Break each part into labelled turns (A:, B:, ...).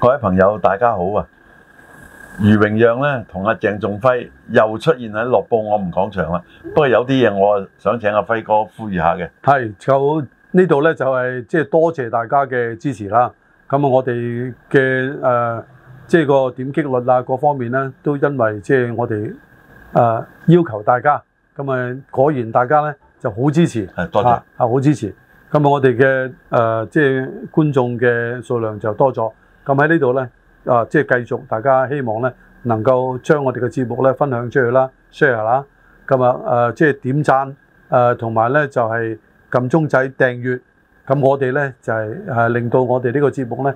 A: 各位朋友，大家好啊！余榮讓咧同阿鄭仲輝又出現喺樂報我唔講場啦。不過有啲嘢我想請阿輝哥呼籲下嘅。
B: 係，就呢度咧就係即係多謝大家嘅支持啦。咁啊，我哋嘅誒即係個點擊率啊，各方面咧都因為即係我哋誒要求大家，咁啊果然大家咧就好支持。係，多謝，謝啊，好支持。咁啊，我哋嘅誒即係觀眾嘅數量就多咗。咁喺呢度咧，啊，即係繼續大家希望咧，能夠將我哋嘅節目咧分享出去啦，share 啦，咁啊，誒，即係點贊，誒，同埋咧就係撳鐘仔訂閱，咁我哋咧就係令到我哋呢個節目咧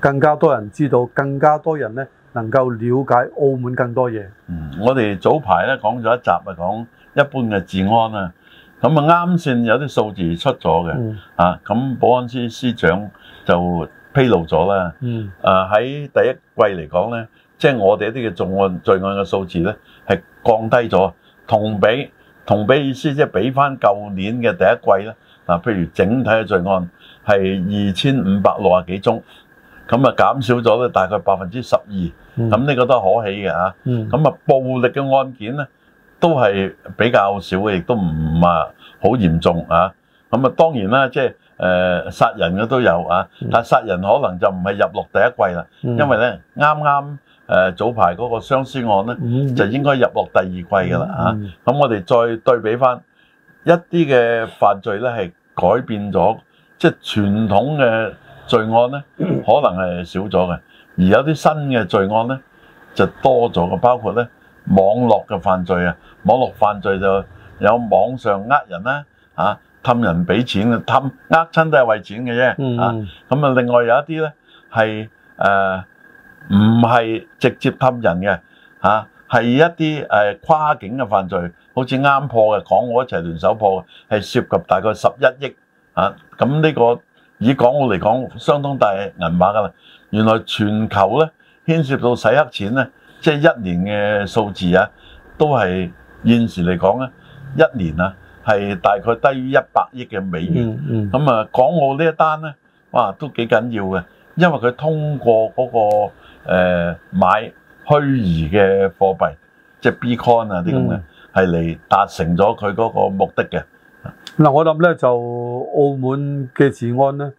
B: 更加多人知道，更加多人咧能夠了解澳門更多嘢。嗯，
A: 我哋早排咧講咗一集啊，講一般嘅治安啊，咁啊啱先有啲數字出咗嘅，嗯，啊，咁保安司司長就。披露咗啦、嗯，啊喺第一季嚟講咧，即、就、係、是、我哋一啲嘅重案罪案嘅數字咧係降低咗，同比同比意思即係比翻舊年嘅第一季咧，嗱、啊，譬如整體嘅罪案係二千五百六十幾宗，咁啊減少咗咧大概百分之十二，咁呢個都係可喜嘅嚇、啊，咁、嗯、啊暴力嘅案件咧都係比較少嘅，亦都唔啊好嚴重啊，咁啊當然啦，即、就、係、是。誒、呃、殺人嘅都有啊，但係殺人可能就唔係入落第一季啦、嗯，因為咧啱啱誒早排嗰個相思案咧、嗯嗯，就應該入落第二季噶啦嚇。咁、嗯嗯、我哋再對比翻一啲嘅犯罪咧，係改變咗，即、就、係、是、傳統嘅罪案咧、嗯，可能係少咗嘅，而有啲新嘅罪案咧就多咗嘅，包括咧網絡嘅犯罪啊，網絡犯罪就有網上呃人啦、啊、嚇。啊氹人俾錢嘅氹，呃親都係為錢嘅啫。啊，咁啊，另外有一啲咧係誒唔係直接氹人嘅，嚇係一啲誒跨境嘅犯罪，好似啱破嘅，港澳一齊聯手破，係涉及大概十一億啊。咁呢個以港澳嚟講，相當大銀碼噶啦。原來全球咧牽涉到洗黑錢咧，即係一年嘅數字啊，都係現時嚟講咧一年啊。係大概低於一百億嘅美元，咁、嗯、啊、嗯，港澳呢一單咧，哇，都幾緊要嘅，因為佢通過嗰、那個誒、呃、買虛擬嘅貨幣，即係 b c o n 啊啲咁嘅，係嚟達成咗佢嗰個目的嘅。
B: 嗱，我諗咧就澳門嘅治安咧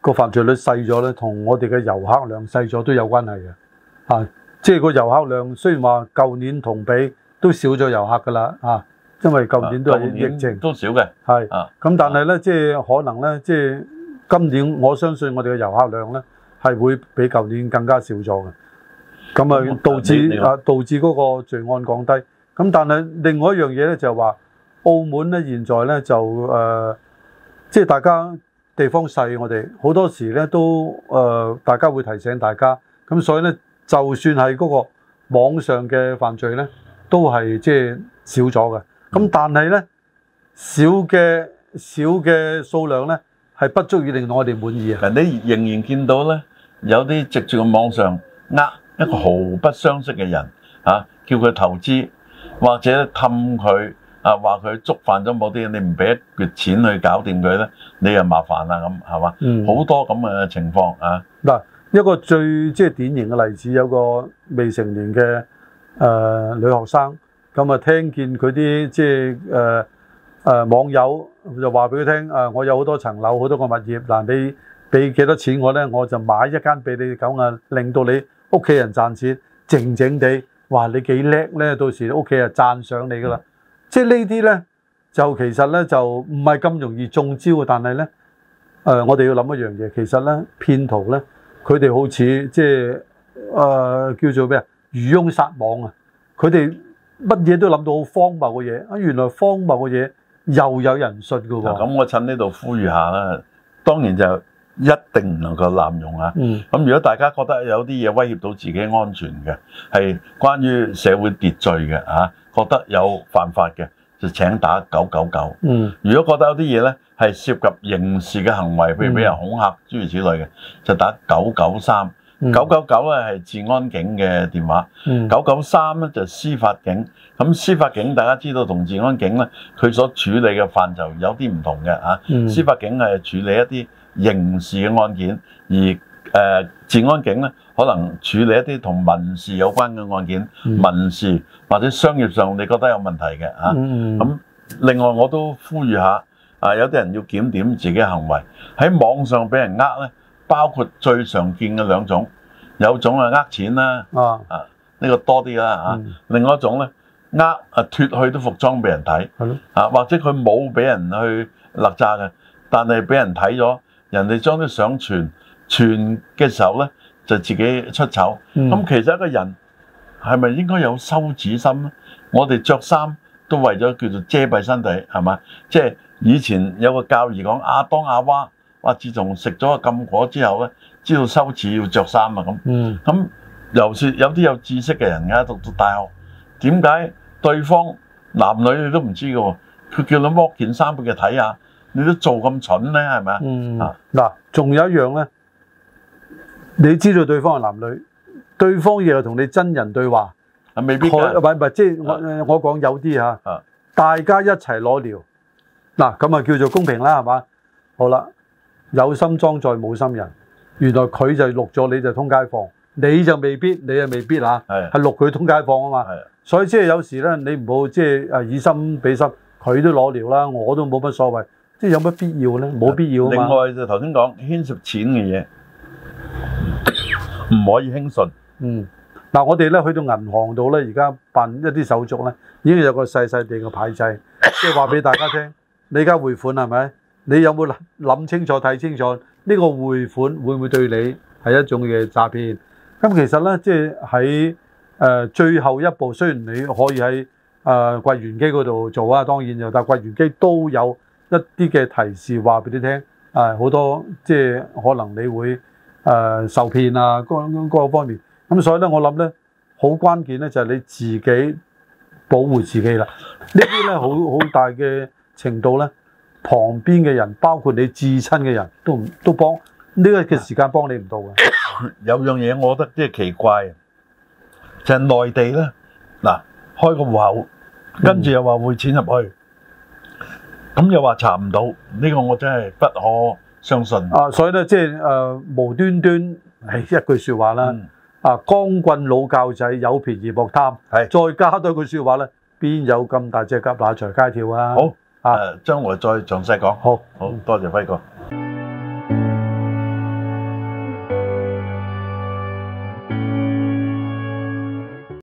B: 個犯罪率細咗咧，同我哋嘅遊客量細咗都有關係嘅。啊，即係個遊客量雖然話舊年同比都少咗遊客㗎啦，啊。因為舊年，年都有疫情都少嘅，係咁、啊，但係咧、啊，即係可能咧，即係今年我相信我哋嘅遊客量咧係會比舊年更加少咗嘅，咁啊導致啊導致嗰個罪案降低。咁但係另外一樣嘢咧就係、是、話澳門咧現在咧就誒、呃，即係大家地方細，我哋好多時咧都誒大家會提醒大家，咁所以咧就算係嗰個網上嘅犯罪咧都係即係少咗嘅。咁、嗯、但係咧，少嘅少嘅數量咧，係不足以令到我哋滿意啊！嗱，你仍然見到咧，有啲直接嘅網上呃一個毫不
A: 相識嘅人啊，叫佢投資，或者氹佢啊，話佢觸犯咗某啲嘢，你唔俾一橛錢去搞掂佢咧，你又麻煩啦咁，係嘛？好、嗯、多咁嘅情況啊！
B: 嗱、嗯，一個最即係、就是、典型嘅例子，有個未成年嘅誒、呃、女學生。咁啊！聽見佢啲即係誒誒網友就話俾佢聽啊！我有好多層樓，好多個物業嗱、呃，你俾幾多錢我咧，我就買一間俾你咁啊！令到你屋企人賺錢靜靜地哇！你幾叻咧？到時屋企啊讚賞你㗎啦、嗯！即係呢啲咧就其實咧就唔係咁容易中招啊。但係咧誒，我哋要諗一樣嘢，其實咧騙徒咧佢哋好似即係誒、呃、叫做咩啊漁翁撒網啊，佢哋。乜嘢都諗到好荒謬嘅嘢，啊原來荒謬嘅嘢又有人信㗎喎。
A: 咁我趁呢度呼籲下啦，當然就一定唔能夠濫用啊。咁、嗯、如果大家覺得有啲嘢威脅到自己安全嘅，係關於社會秩序嘅啊，覺得有犯法嘅，就請打九九九。嗯，如果覺得有啲嘢咧係涉及刑事嘅行為，譬如俾人恐嚇諸如此類嘅、嗯，就打九九三。九九九咧係治安警嘅電話，九九三咧就司法警。咁司法警大家知道同治安警咧，佢所處理嘅範疇有啲唔同嘅嚇、嗯、司法警係處理一啲刑事嘅案件，而誒治安警咧可能處理一啲同民事有關嘅案件，嗯，民事或者商業上你覺得有問題嘅嚇咁、嗯嗯、另外我都呼籲一下，啊有啲人要檢點自己行為，喺網上俾人呃咧。包括最常見嘅兩種，有種係呃錢啦，啊呢、啊這個多啲啦嚇，另外一種咧，呃啊脫去啲服裝俾人睇、嗯，啊或者佢冇俾人去勒扎嘅，但係俾人睇咗，人哋將啲相傳傳嘅時候咧，就自己出醜。咁、嗯啊、其實一個人係咪應該有羞恥心咧？我哋着衫都為咗叫做遮蔽身體，係嘛？即、就、係、是、以前有個教義講阿當阿娃。話自從食咗禁果之後咧，知道羞恥要着衫啊，咁。咁又說有啲有知識嘅人家讀到大學，點解對方男女你都唔知㗎？佢叫你剝件衫俾佢睇下，你都做咁蠢咧係咪啊？嗱，
B: 仲、嗯、有一樣咧，你知道對方係男女，對方又同你真人對話，未必係，唔即係我、啊、我講有啲吓，大家一齊攞料，嗱咁啊叫做公平啦係嘛，好啦。有心裝載冇心人，原來佢就錄咗，你就通街放，你就未必，你又未必嚇，係錄佢通街放啊嘛。係，所以即係有時咧，你唔好即係以心比心，佢都攞料啦，我都冇乜所謂，即係有乜必要咧？冇必要。另外
A: 就頭先講牽涉錢嘅嘢，唔可以輕信。
B: 嗯，嗱，我哋咧去到銀行度咧，而家辦一啲手續咧，已經有個細細地嘅牌制，即係話俾大家聽， 你而家匯款係咪？你有冇諗清楚睇清楚呢個匯款會唔會對你係一種嘅詐騙？咁其實呢，即係喺誒最後一步，雖然你可以喺誒櫃員機嗰度做啊，當然就但櫃員機都有一啲嘅提示話俾你聽，誒好多即係可能你會誒受騙啊，各方面。咁所以呢，我諗呢好關鍵呢，就係你自己保護自己啦。呢啲呢，好好大嘅程度呢。旁邊嘅人，包括你至親嘅人都唔都幫呢、這個嘅時間幫你唔到嘅。
A: 有樣嘢我覺得即係奇怪，就係、是、內地咧，嗱開個戶口，跟住又話匯錢入去，咁、嗯、又話查唔到，呢、這個我真係不可相信。
B: 啊，所以咧即係誒、呃、無端端係一句說話啦、嗯。啊，光棍老教仔有便宜莫貪。係再加多句說話咧，邊有咁大隻蛤乸隨街跳啊？好。
A: 啊！呃、將來再詳細講。好，好，多謝輝哥。